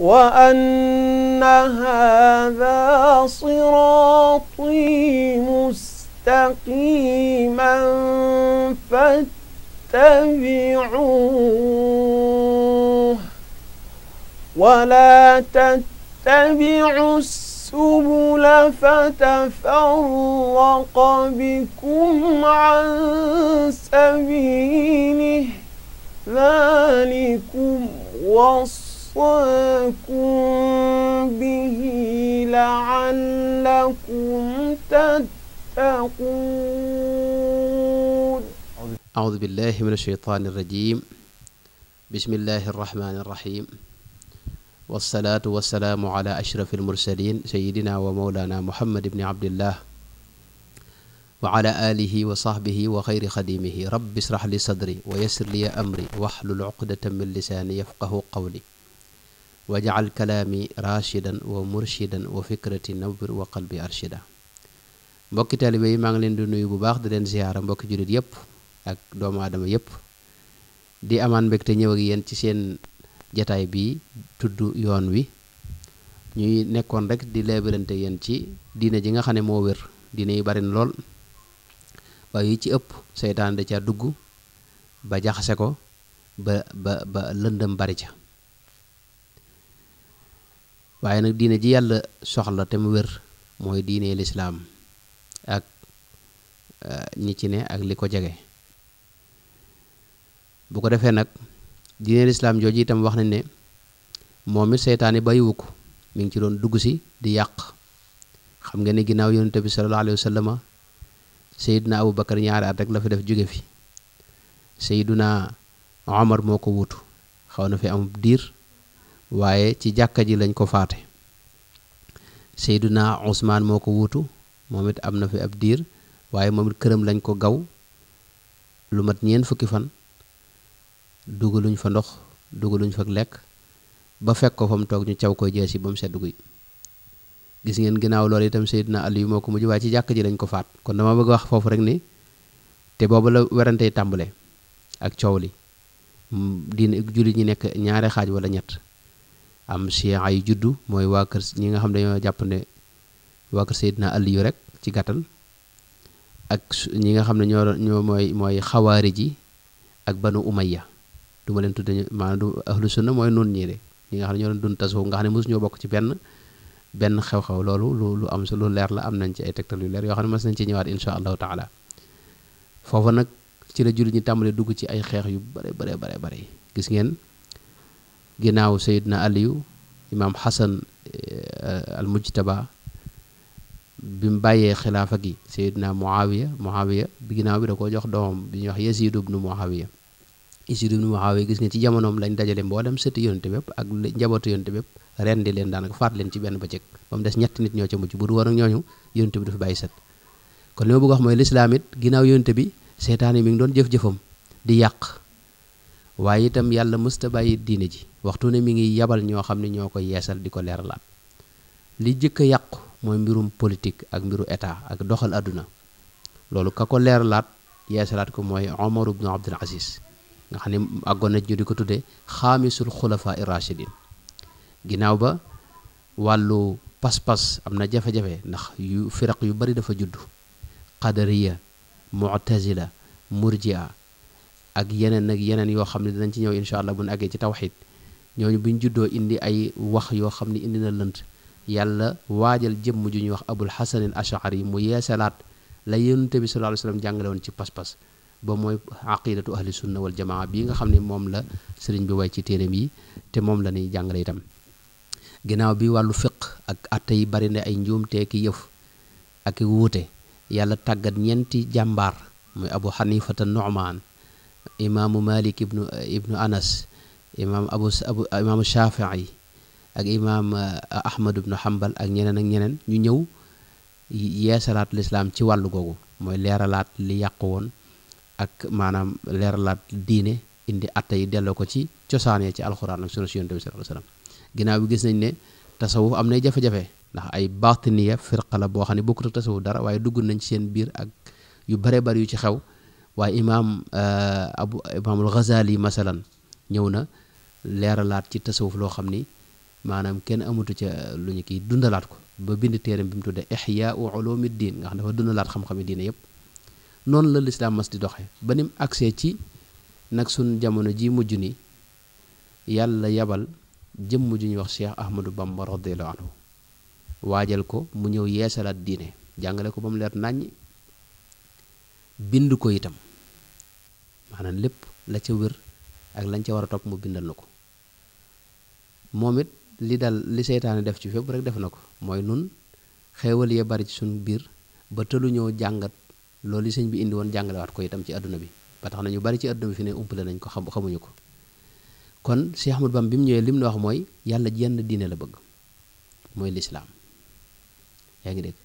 وأن هذا صراطي مستقيما فاتبعوه ولا تتبعوا السبل فتفرق بكم عن سبيله ذلكم وصف به لعلكم تتقون أعوذ بالله من الشيطان الرجيم بسم الله الرحمن الرحيم والصلاة والسلام على أشرف المرسلين سيدنا ومولانا محمد بن عبد الله وعلى آله وصحبه وخير خديمه رب اشرح لي صدري ويسر لي أمري واحلل عقدة من لساني يفقه قولي rashidan wa murshidan wa fikrati نور wa qalbi arshida talibe talibey ma ngi len di nuyu bu baax di len ziyaara mbokki jullit yep ak doomu adama yep di aman mbégte ñew ak yeen ci seen jotaay bi tuddu yoon wi ñuy nekkon rek di leebirante yeen ci diine ji nga xane mo wër diine yi bari lool ba yi ci ëpp seytaan da ca dugg ba jaxase ko ba ba ba bari ca waaye nag diine ji yàlla soxla te mu wér mooy diine lislaam ak eh, ñi ci ne ak li ko jege bu ko defee nag diine lislaam jooju itam wax nañ ne moom it seytaane bàyyiwu ko mu ngi ci doon dugg si di yàq xam nga ne ginnaaw yonente bi sallallahu alayhi wa sallama seyduna abu bakar ñaari at rek la fi def jóge fi seyduna omar moo ko wutu xaw na fi am diir waaye ci jàkka ji lañ ko faate Seyduna Ousmane moo ko wuutu moom it am na fi ab diir waaye moom it këram lañ ko gaw lu mat ñeent fukki fan dugaluñ fa ndox dugaluñ fa lekk ba fekk ko fa mu toog ñu caw ko jees yi ba mu sedd guy gis ngeen ginnaaw loolu tam Seydina Aliyu moo ko mujj waaye ci jàkk ji lañ ko faat kon dama bëgg wax foofu rek ni te boobu la werantey tàmbale ak coow li diine jullit ñu nekk ñaari xaaj wala ñett am chia ay juddu mooy waa kër ñi nga xam dañoo jàpp ne waa kër ali yu rek ci gàttal ak ñi nga xam ne ñoo ñoo mooy mooy xawaari ji ak banu umayya du ma leen tudde maanaam du ahlu sunna mooy noonu ñii de ñi nga xam ne ñoo doon dund tasawuf nga xam ne mosu ñoo bokk ci benn benn xew-xew loolu lu lu am lu leer la am nañ ci ay tegtal yu leer yoo xam ne mas nañ ci ñëwaat insha allahu taala foofa nag ci la jullit ñi tàmbalee dugg ci ay xeex yu bare bare bare bare gis ngeen ginnaaw Seydina Aliyu imaam Xasan al mujtaba bi mu bàyyee xilaafa gi Seydina Muawiya Muawiya bi ginnaaw bi da koo jox doomam bi ñuy wax Yasid ibnu Muawiya Yasid ibnu Muawiya gis nga ci jamonoom lañ dajale mboolem sëti yonte bépp ak njabootu yonte bépp ren di leen daanaka faat leen ci benn bëccëg ba mu des ñetti nit ñoo ca mucc bu du woon ak ñooñu yonte bi dafa bàyyi sët kon li ma bëgg wax mooy lislaam it ginnaaw yonte bi seetaan yi mi ngi doon jëf-jëfam di yàq waaye itam yàlla mësta bàyyi diine ji waxtu ne mi ngi yabal ñoo xam ne ñoo ko yeesal di ko leeralaat li jëkk a yàqu mooy mbirum politique ak mbiru état ak doxal àdduna loolu ka ko leeralaat yeesalaat ko mooy Omar ibn Abdul Aziz nga xam ne àggoon na ñu di ko tuddee xaamisul xulafaa irrachidin ginnaaw ba wàllu pas-pas am na jafe-jafe ndax yu firaq yu bari dafa judd qadariya mu'tazila murjia ak yeneen ak yeneen yoo xam ne dinañ ci ñëw incha allah bu ñu àggee ci tawxid ñooñu bu ñu juddoo indi ay wax yoo xam ne indi na lënt yàlla waajal jëmm ju ñuy wax abul xasanil yi mu yeesalaat la yonente bi sallallahu alayhi wasallam jàngale woon ci pas-pas ba mooy aqidatu ahli sunna wal jamaa bii nga xam ne moom la sëriñ bi way ci téeréem yi te moom la ñuy jàngale itam ginnaaw bi wàllu fiq ak atte bari na ay njuumtee ki yëf ak wuute yàlla tàggat ñeenti jàmbaar muy abu xanifata nu'man imaamu malik ibnu ibnu anas imaam abu abu ah, imaamu shafii ak imaam ah, ahmad ibnu hambal ak ñeneen ak ñeneen ñu ñëw yeesalaat lislaam ci wàllu googu mooy leeralaat li yàqu woon ak maanaam leeralaat diine indi atta yi delloo ko ci cosaan ya ci alxuraan ak sunna si yonent bi sallallaahu alayhi wa sallam ginnaaw bi gis nañ ne tasawuf am nay jafe-jafe ndax ay baatiniya firqa la boo xam ne bokkut ak tasawuf dara waaye dugg nañ ci seen biir ak yu bare bari yu ci xew waaye imaam ah, abu imaamul Ghazali masalan ñëw na leeralaat ci tasawuf loo xam ni maanaam kenn amatu ca lu ñu kii dundalaat ko ba bind téeram bi mu tudde ixyaa u ulumi diin nga xam dafa dundalaat xam-xami diine yëpp noonu la lislaam mas di doxee ba nim accès ci nag sun jamono ji mujj ni yàlla yabal jëmm ju ñuy wax cheikh ahmadou bamba radiallahu anhu waajal ko mu ñëw yeesalaat diine jàngale ko ba mu leer nàññi bind ko itam maanaam lépp la ca wér ak lañ ca war a topp mu bindal na ko moom it li dal li seytaane def ci fépp rek def na ko mooy nun xéewal yee bari ci suñu biir ba tëluñoo jàngat loolu sëñ bi indi woon jàngalewaat ko itam ci àdduna bi ba tax na ñu bari ci àdduna bi fi ne umpale nañ ko xam xamuñu ko kon Cheikh Ahmadou Bamba bi mu ñëwee lim la wax mooy yàlla jenn diine la bëgg mooy lislaam yaa ngi dégg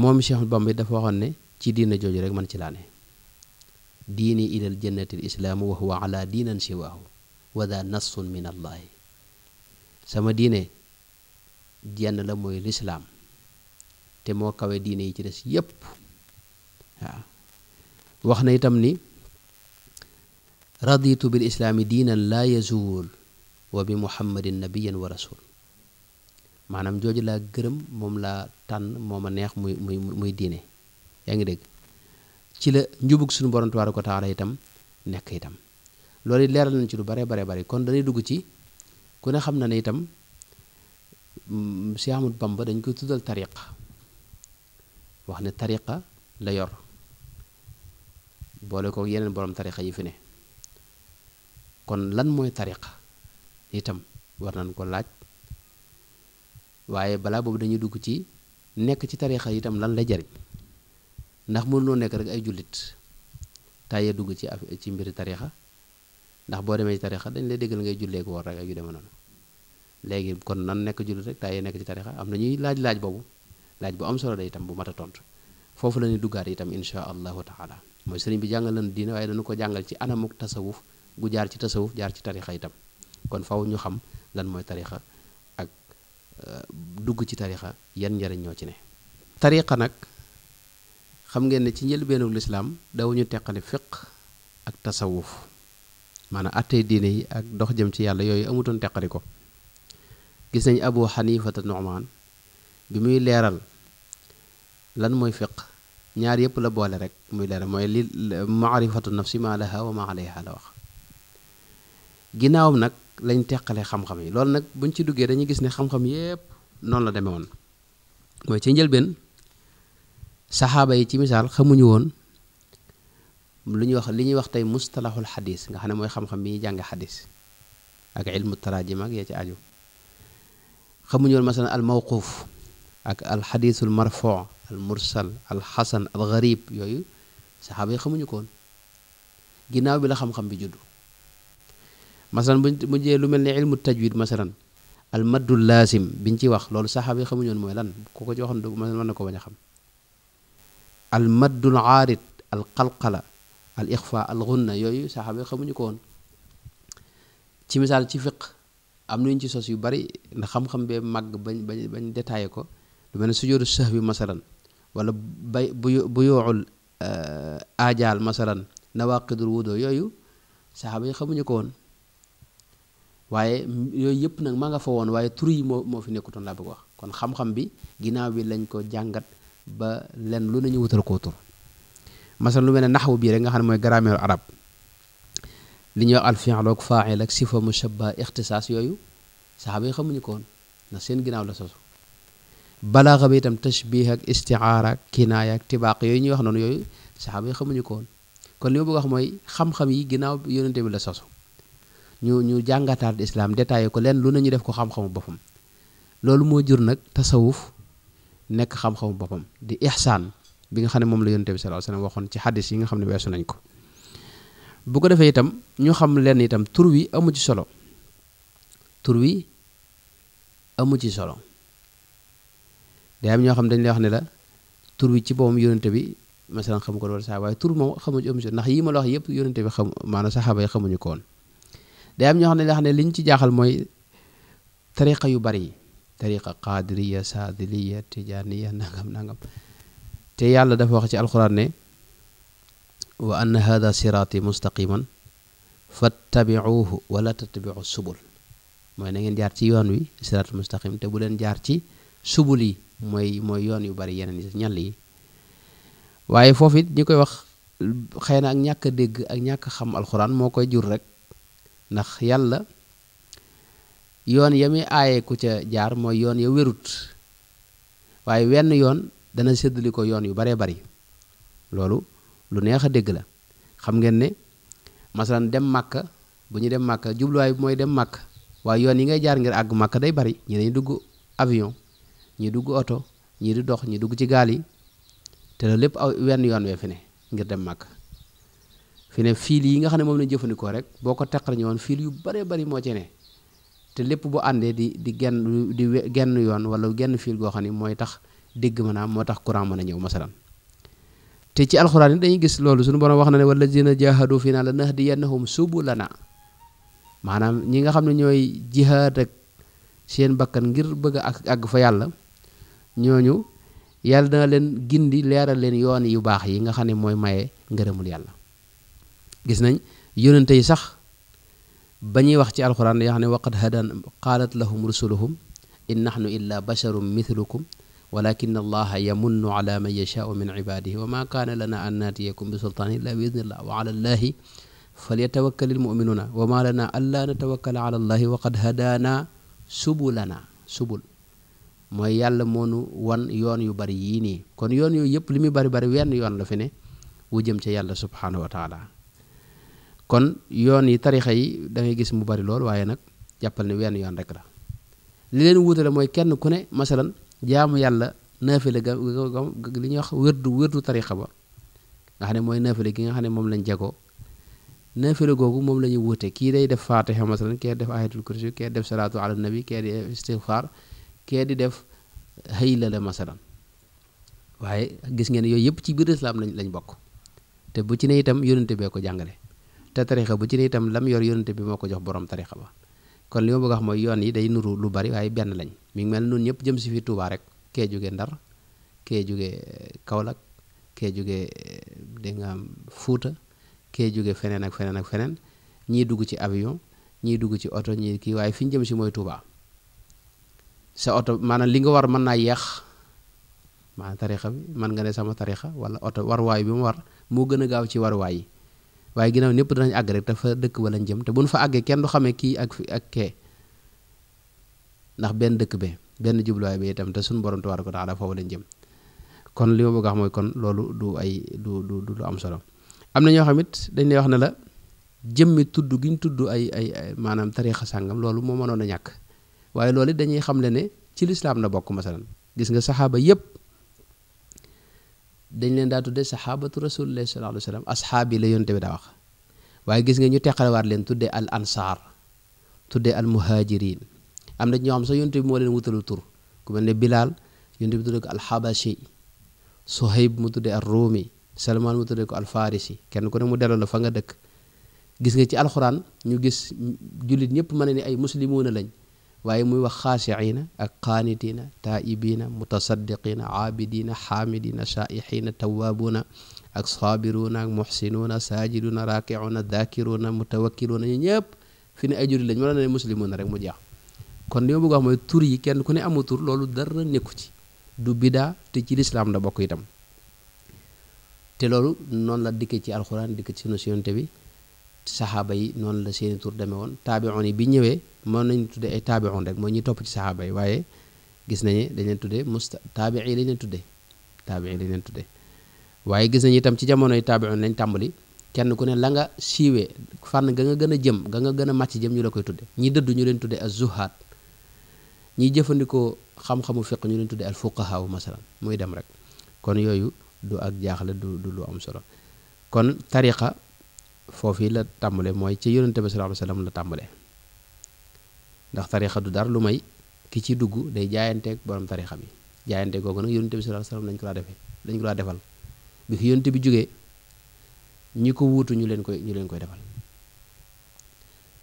moom Cheikh Ahmadou bi dafa waxoon ne ci diine jooju rek man ci laa ne diini ilal jannati l islaamu wa huwa ala diinan siwaahu wada nassun min allahi sama diine jenn la mooy lislaam te moo kawe diine yi ci des yépp waaw wax na itam ni raditu bil islaami diina laa yazuul wa bi muhammadin nabiyan wa rasul maanaam jooju laa gërëm moom laa tànn moo ma neex muy muy muy diine yaa ngi dégg ci la njubug suñu borom tabaaraka ko taala itam nekk itam loolu it leeral nañ ci lu bare bare bare kon dañuy dugg ci ku ne xam na ne itam mm, Cheikh Ahmadou Bamba dañ koy tuddal tariqa wax ne tariqa la yor boole ko yeneen borom tariqa yi fi ne kon lan mooy tariqa itam war nañ ko laaj waaye balaa boobu dañuy dugg ci nekk ci yi itam lan la jariñ ndax mënuloo nekk rek ay jullit tàyyee dugg ci af ci mbiri tarixa ndax boo demee ci tarixa dañ lay déggal ngay jullee ko woor rek ak yu demee noonu léegi kon nan nekk jullit rek tàyyee nekk ci tarixa am na ñuy laaj laaj boobu laaj bu am solo la itam bu mat a tontu foofu la ñuy duggaat itam insha allahu taala mooy sëriñ bi jàngal lan diine waaye dañu ko jàngal ci anamuk tasawuf gu jaar ci tasawuf jaar ci tarixa itam kon faw ñu xam lan mooy tarixa ak euh, dugg ci tarixa yan njariñ ñoo ci ne nag xam ngeen ne ci njëlbéenu lislaam dawuñu teqale fiq ak tasawuf maanaam atay diine yi ak dox jëm ci yàlla yooyu amutoon teqali ko gis nañ abu xanifata nu'man bi muy leeral lan mooy fiq ñaar yëpp la boole rek muy leeral mooy li maarifatu nafsi ma laha wa ma alayha la wax ginnaawam nag lañ teqale xam-xam yi loolu nag buñ ci duggee dañuy gis ne xam-xam yëpp noonu la demee woon mooy ci njëlbeen saxaaba yi ci misaal xamuñu woon lu ñuy wax li ñuy wax tey mustalahul xadis nga xam ne mooy xam-xam bi ñuy jàng xadis ak ilmu tarajim ak yaa ci aju woon masalan al mawquuf ak al xadisul marfoo al mursal al yooyu saxaaba yi xamuñu ko woon bi la xam-xam bi juddu masalan buñ buñ lu mel ne ilmu tajwid masalan al maddul laasim biñ ci wax loolu saxaaba yi xamuñu woon mooy lan ku ko ci waxoon du na ko bañ a xam المد العارض القلقلة الإخفاء الغنة يوي صحابي خمني كون تي مثال تي فق أم نين تي سوسي باري نخم خم بي مغ بني بني بني دتاي كو لما نسجور السهو مثلا ولا بيوع الآجال آه، مثلا نواقد الودو يوي صحابي خمني كون waaye yooyu yëpp nag ma nga fa woon waaye turi yi fi nekkutoon laa bëgg wax kon xam-xam bi ginnaaw bi lañ ko jàngat ba len lu nañu wutal ko tur masal lu mel ne naxwu rek nga xam ne grammaire arab li ñuy wax alfi'l ak faa'il ak sifa mushabba ixtisaas yooyu saxaaba xamuñu ko woon seen ginnaaw la sosu balaaxa bi itam tashbih ak istiaara ak ak tibaaq yooyu ñuy wax noonu yooyu saxaaba xamuñu ko kon li ma bëgg wax mooy xam-xam yi ginnaaw yonente bi la sosu ñu ñu jàngataat islam détaillé ko lenn lu ne def ko xam-xamu boppam loolu moo jur nag tasawuf nekk xam xam boppam di ihsaan bi nga xam ne moom la yonte bi sallallahu alayhi wasallam waxoon ci xaddis yi nga xam ne weesu nañ ko bu ko defee itam ñu xam leen itam tur wi amu ci solo tur wi amu ci solo day am ñoo xam dañ lay wax ne la tur wi ci boppam yonent bi masalan xamu ko wala saa waaye tur moom xamu ci amu ci ndax yii ma la wax yëpp yonent bi xam maanaam saxaaba yi xamuñu ko woon day am ñoo xam ne dañ ne liñ ci jaaxal mooy tariqa yu bari yi tariqa qaadiriya saadiliya tijaniya nangam nangam te yalla dafa wax ci alquran ne wa anna hadha sirati mustaqiman wa la tattabi'u subul moy na ngeen jaar ci yoon wi sirat mustaqim te bu len jaar ci subul yi moy moy yoon yu bari yenen yi ñal yi waye foofu it ñi koy wax xeyna ak ñaka deg ak ñaka xam alquran mo koy jur rek ndax yalla yoon ya muy aaye ku ca jaar mooy yoon ya wérut waaye wenn yoon dana séddali ko yoon yu bare bari loolu lu neex a dégg la xam ngeen ne masalan dem màkka bu ñu dem màkka jubluwaay bi mooy dem màkka waaye yoon yi ngay jaar ngir àgg màkka day bari ñi dañu dugg avion ñi dugg oto ñi di dox ñi dugg ci gaal yi te loolu lépp wenn yoon wee fi ne ngir dem màkka fi ne fiil yi nga xam ne moom la jëfandikoo rek boo ko ñëwoon yu bare bari moo ci ne te lepp bu andé di di genn di genn yoon wala genn fil go xam moy tax deg mëna a am moo tax courant mën a masalan te ci alquran dañuy gis loolu suñu borom wax na ne jina jahadu fina lanahdiyannahum subulana manam ñi nga xam ñoy jihad ak seen bakkan ngir bëgg a ag fa yalla ñoñu yalla da leen gindi leral leen yoon yu bax yi nga xam moy maye ngërëmul yalla gis nañ sax بني وقت القرآن يعني وقد هدى قالت لهم رسلهم إن نحن إلا بشر مثلكم ولكن الله يمن على من يشاء من عباده وما كان لنا أن نأتيكم بسلطان إلا بإذن الله وعلى الله فليتوكل المؤمنون وما لنا ألا نتوكل على الله وقد هدانا سبلنا سبل ما يال مونو وان يون يو بري يني كون يون يو ييب لي مي بري بري وين يون لا فيني وجيم سبحانه وتعالى kon yoon yi tarixa yi da ngay gis mu bari lool waaye nag jàppal ne wen yoon rek la li leen wuutale mooy kenn ku ne masalan jaamu yàlla naafile ga li ñuy wax wérdu wérdu tarixa ba nga xam ne mooy naafile gi nga xam ne moom lañ jagoo naafile googu moom la ñuy wuute kii day def faatixa masalan kee def ayatul kursi kee def salaatu ala nabi kee di def istigfaar kee di def hayla la masalan waaye gis ngeen yooyu yëpp ci biir islam lañ lañ bokk te bu ci ne itam yónnente bee ko jàngale te tarixa bu ci ne itam lam yor yonante bi moko jox borom tarixa ba kon li ma bëgg wax mooy yoon yi day nuru lu bari waaye benn lañ mi ngi mel noonu ñëpp jëm si fi Touba rek kee jóge Ndar kee jóge kaolak kee jóge de nga am Fuuta kee jóge feneen ak feneen ak feneen ñii dugg ci avion ñii dugg ci oto ñii kii waaye fi ñu jëm si mooy Touba sa oto maanaam li nga war mën naa yeex maanaam tarixa bi man nga ne sama tarixa wala oto warwaay bi mu war moo gën a gaaw ci warwaay yi waaye ginnaaw ñëpp danañ àgg rek dafa dëkk ba lañ jëm te bu nu fa àggee kenn du xamee kii ak fi ak kee ndax benn dëkk be benn jubluwaay bi itam te suñu borom te tabaaraka wa taala foofu lañ jëm kon li ma bëgg a mooy kon loolu du ay du du du lu am solo am na ñoo xamit it dañ lay wax ne la jëmmi tudd gi ñu tudd ay ay maanaam tariixa sàngam loolu moo mënoon a ñàkk waaye loolu dañuy xam le ne ci lislaam na bokk masalan gis nga saxaaba yépp dañ leen daa tudde saxaabatu rasulillahi sallallahu alayhi wa sallam asxaab yi la yonte bi daa wax waaye gis nga ñu teqalewaat leen tuddee al ansaar tuddee al muhajirin am na ñoo xam sax yonte bi moo leen wutalu tur ku mel ne bilaal yonte bi tuddee ko al xabashi suhayb mu tuddee al ruumi salmaan mu tuddee ko al farisi kenn ku ne mu delloo la fa nga dëkk gis nga ci alxuraan ñu gis jullit ñëpp mën ne ni ay muslimuuna lañ waaye muy wax xaasiciina ak qaanitiina taa'ibiina mutasaddiqiina aabidiina xaamidiina shaa'ixiina tawaabuuna ak saabiruuna ak muxsinuuna saajiduuna raakicuuna daakiruuna mutawakkiluuna ñu ñëpp fi ne ay jullit lañ ma la ne muslimuuna rek mu jeex kon li ma bëgg wax mooy tur yi kenn ku ne amul tur loolu dara nekku ci du bidaa te ci lislaam la bokk itam te loolu noonu la dikkee ci alxuraan dikkee ci sunu yonent bi saxaaba yi noonu la seeni tur demee woon taabi'un yi bi ñëwee mën nañu tuddee ay taabi'un rek mooy ñi topp ci saxaaba yi waaye gis nañu dañ leen tuddee musta taabi'i lañ leen tuddee taabi'i lañ leen tuddee waaye gis nañu itam ci jamonoy taabi'un lañ tàmbali kenn ku ne langa nga siiwee fànn ga nga gën a jëm ga nga gën a màcc jëm ñu la koy tudde ñi dëdd ñu leen tuddee az-zuhaad ñiy jëfandikoo xam-xamu fiq ñu leen tuddee al-fuqahaa masalan muy dem rek kon yooyu du ak jaaxle du du am solo foofii la tàmbale mooy ci yonente bi sallallahu alayhi la tàmbale ndax tarixa du dara lu may ki ci dugg day jaayanteeg borom tarixa bi jaayante googu nag yonente bi sallallahu lañ ko daa defee lañ defal fi yonente bi jógee ñi ko wuutu ñu leen koy ñu leen koy defal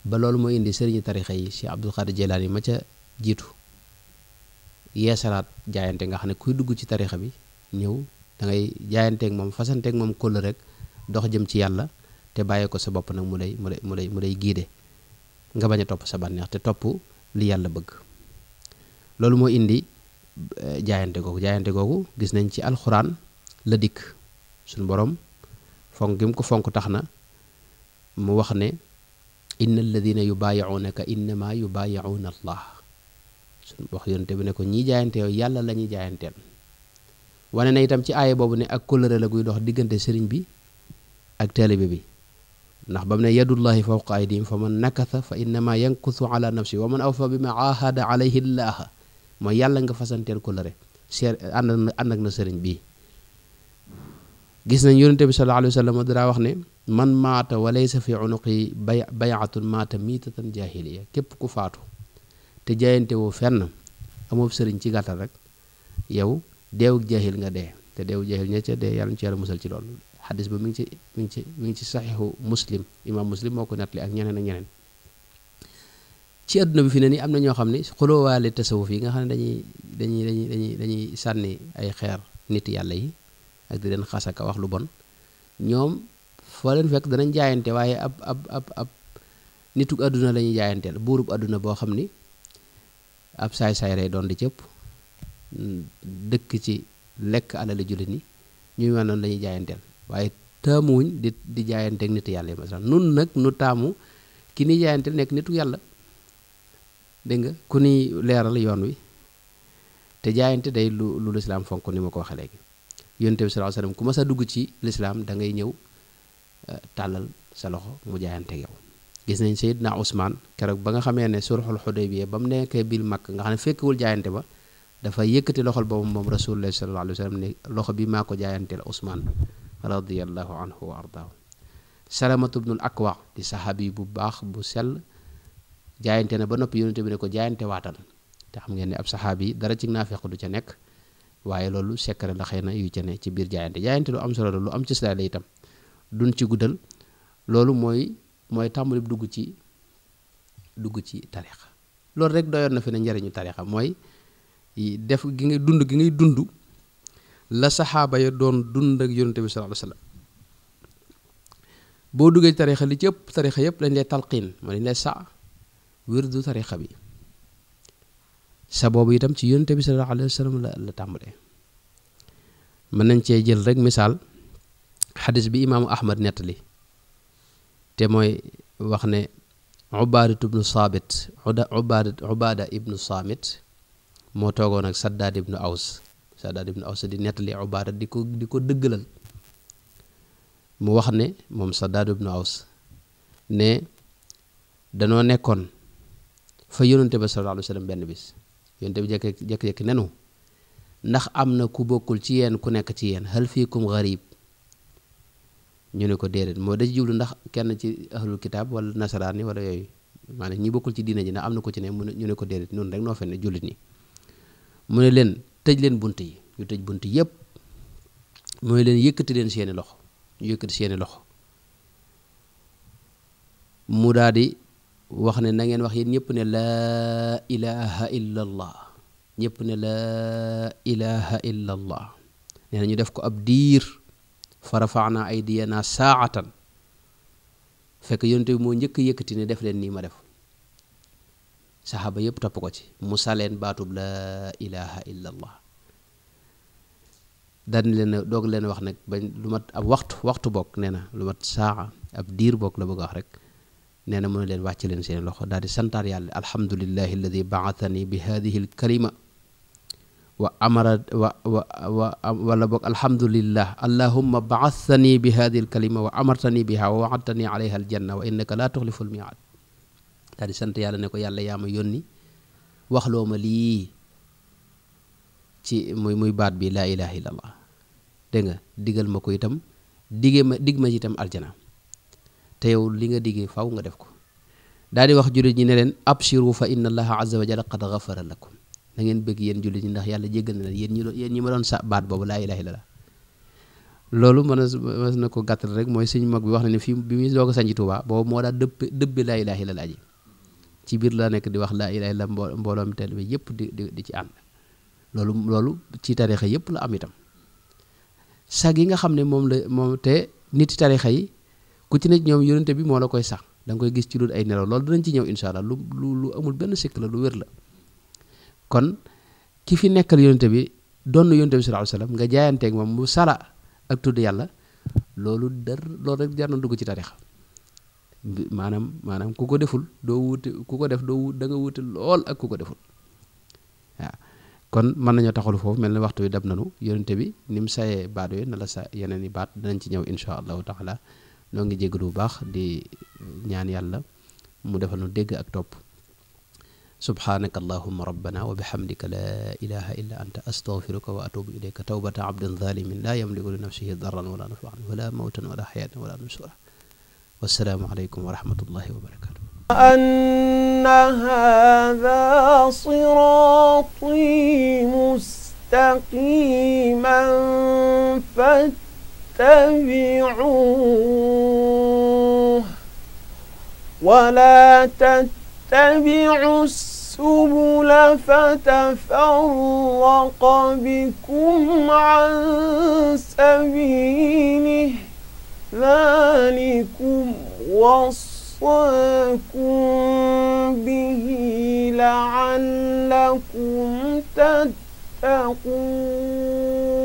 ba loolu mooy indi sëriñu tarixa yi Cheikh Abdul Xaadir Jeylaani ma ca jiitu yeesalaat jaayante nga xam ne kuy dugg ci tarixa bi ñëw da ngay moom fasanteeg moom kóll rek dox jëm ci yàlla te baye ko sa bop nak mu lay mu lay mu lay guidé nga baña top sa banex te top li yalla bëgg loolu mo indi eh, jaayante googu jaayante googu gis nañ ci alcorane la dik sun borom fonk gi ko fonk taxna mu wax ne inna alladina yubaayicuunaka innama yubay'una allah sun wax yonte bi ne ko ñi jaayante yow yalla la jaayante wané wane na itam ci aaya bobu ne ak kolere la guy dox digënté sëriñ bi ak télé bi ndax ba mu ne yadullahi fawqa aydihim fa man nakasa fa innama yankusu ala nafsi wa man awfa bi ma ahada alayhi llaaha mooy yàlla nga fasanteel ko lëre seer ànd ànd ak na sëriñ bii gis nañ yonente bi sallallahu alayhi wa sallam wax ne man maata wa laysa fi unuqi bay bayatun maata miitatan jahiliya képp ku faatu te jaayante woo fenn amoob sëriñ ci gàttal rek yow deewug jahil nga dee te deewug jahil ña ca dee yàlla ñu ci yàlla musal ci loolu Hadis bu mi ngi ci mi muslim imam muslim moo ko nettali ak ñeneen ak ñeneen ci aduna bi fi ne ni am na ñoo xam ne xuloowaale tasawuf yi nga xam ne dañuy dañuy dañuy dañuy dañuy sànni ay xeer nit yàlla yi ak di leen xasaka wax lu bon ñoom foo leen fekk danañ jaayante waaye ab ab ab ab nituk aduna la jaayante jaayanteel buurub àdduna boo xam ni ab saay-saay lay doon di cëpp dëkk ci lekk alali jullit ni ñuy mel noonu jaayanteel waaye taamuwuñ di di jaayanteeg nit yàlla yi masalan nun nag nu taamu ki ni jaayanteel nekk nitu yàlla dégg nga ku ni leeral yoon wi te jaayante day lu lu lislaam fonk ni ma ko waxee léegi yoon bi sallallahu alayhi wasallam ku mas dugg ci lislaam da ngay ñëw eh, tàllal sa loxo mu jaayanteeg yow gis nañ Seydina Ousmane keroog ba nga xamee ne sulhul Hudaybiya ba mu nekkee biir Makka nga xam ne fekkewul jaayante ba dafa yëkkati loxol boobu moom Rasulullah sallallahu alayhi wasallam ne loxo bi maa ko jaayanteel Ousmane radiallahu anhu wa ardaahu salamatu bnul akwa di saxaabi bu baax bu sell jaayante na ba noppi yonente bi ne ko jaayante waatal te xam ngeen ne ab saxaabi dara naa naafeq du ca nekk waaye loolu sekkare la xëy na yu ca ne ci biir jaayante jaayante lu am solo la lu am ci sala la itam duñ ci guddal loolu mooy mooy tàmbali dugg ci dugg ci tarixa loolu rek doyoon na fi ne njariñu tarixa mooy def gi ngay dund gi ngay dund la saxaaba ya doon dund ak yonente bi sallallahu alayhi wasallam boo duggee ci tarixa li ci ëpp tarixa yëpp dañ lay talqiin ma dañ lay sa wérdu tarixa bi sa boobu itam ci yonente bi sallallahu alayhi wasallam la la tàmbalee mën nañ cee jël rek misaal xadis bi imaamu ahmad nettali te mooy wax ne ubaadat ibnu saabit ubaada ibnu saamit moo toogoon ak saddaad ibnu aws Shaddad ibn Aws di nettali Ubaada di ko di ko dëggalal mu wax ne moom Shaddad ibn Aws ne danoo nekkoon fa yónnante ba sallallahu alayhi wa sallam benn bis yónnante bi jékki-jékki nenu ndax am na ku bokkul ci yéen ku nekk ci yéen hal fiikum gharib ñu ne ko déedéet moo da ci jublu ndax kenn ci ahlul kitaab wala nasaraan yi wala yooyu maanaam ñi bokkul ci diina ji ndax am na ko ci ne mu ñu ne ko déedéet noonu rek noo fenn jullit ñi mu ne leen tëj leen bunt yi ñu tëj bunt yëpp mooy leen yëkkati leen seeni loxo ñu yëkkati seeni loxo mu daal di wax ne na ngeen wax yéen ñëpp ne laa ilaha illa allah ñëpp ne laa ilaha illa allah nee na ñu def ko ab diir fa rafaana aydiyanaa saatan fekk yonte bi moo njëkk yëkkati ne def leen nii ma def sahaba yépp topp ko ci musa saleen baatub la ilaha illa allah dan leen doog leen wax nag bañ lu mat ab waxtu waxtu bokk nee na lu mat saaxa ab diir bokk la bëgg wax rek nee na mën leen wàcc leen seen loxo daal di santaar yàlla alhamdulillahi alladi baatani bi hadihi alkalima wa amara wa wa wa wala bok alhamdulillah allahumma baathani bi hadhihi alkalima wa amartani biha wa waadtani alayha aljanna wa innaka la tukhliful mi'ad daal di sant yàlla ne ko yàlla yaa ma yónni waxloo ma lii ci muy muy baat bi laa ilaha illallah dégg nga digal ma ko itam dige ma dig ma ci itam aljana te yow li nga digee faw nga def ko daal di wax jullit ñi ne leen abshiru fa inna allaha azza wa jalla qad ghafara ko na ngeen bëgg yéen jullit ñi ndax yàlla jéggal na leen yéen ñi ñi ma doon sa baat boobu laa ilaha illallah loolu mën na na ko gàttal rek mooy suñu mag bi wax na ne fii bi muy doog a sanci Tuuba boobu moo daa dëpp dëbbi laa ji ci biir la nekk di wax la ilaha illa mbolom tel bi yépp di di di ci ànd loolu loolu ci tarixa yépp la am itam sag yi nga xamne mom la mom te nit tarixa yi ku ci ne ñom yoonte bi mo la koy sax da nga koy gis ci lu ay nelaw loolu dañ ci ñew inshallah lu lu lu amul ben sikk la lu wër la kon ki fi nekkal yoonte bi don yoonte bi sallallahu alayhi wasallam nga ak mom mu sala ak tuddu yalla loolu der loolu rek jarna na dugg ci tarixa maanaam maanaam ku ko deful doo wuute ku ko def doo wut da nga wuute lool ak ku ko deful waaw kon mën nañoo taxalu foofu mel ni waxtu wi dab nanu yonente bi ni mu sayee baat yooyu na la sa yeneen yi baat danañ ci ñëw insha allahu taala noo ngi jégalu bu baax di ñaan yàlla mu defal nu dégg ak topp subhanaka allahuma rabbana wa bihamdika la ilaha illa anta astaghfiruka wa atubu ilayka tawbata abdin zalimin la yamliku li nafsihi darran wala nafaan wala mawtan wala xayaatan wala والسلام عليكم ورحمة الله وبركاته أن هذا صراطي مستقيما فاتبعوه ولا تتبعوا السبل فتفرق بكم عن سبيله ذلكم وصاكم به لعلكم تتقون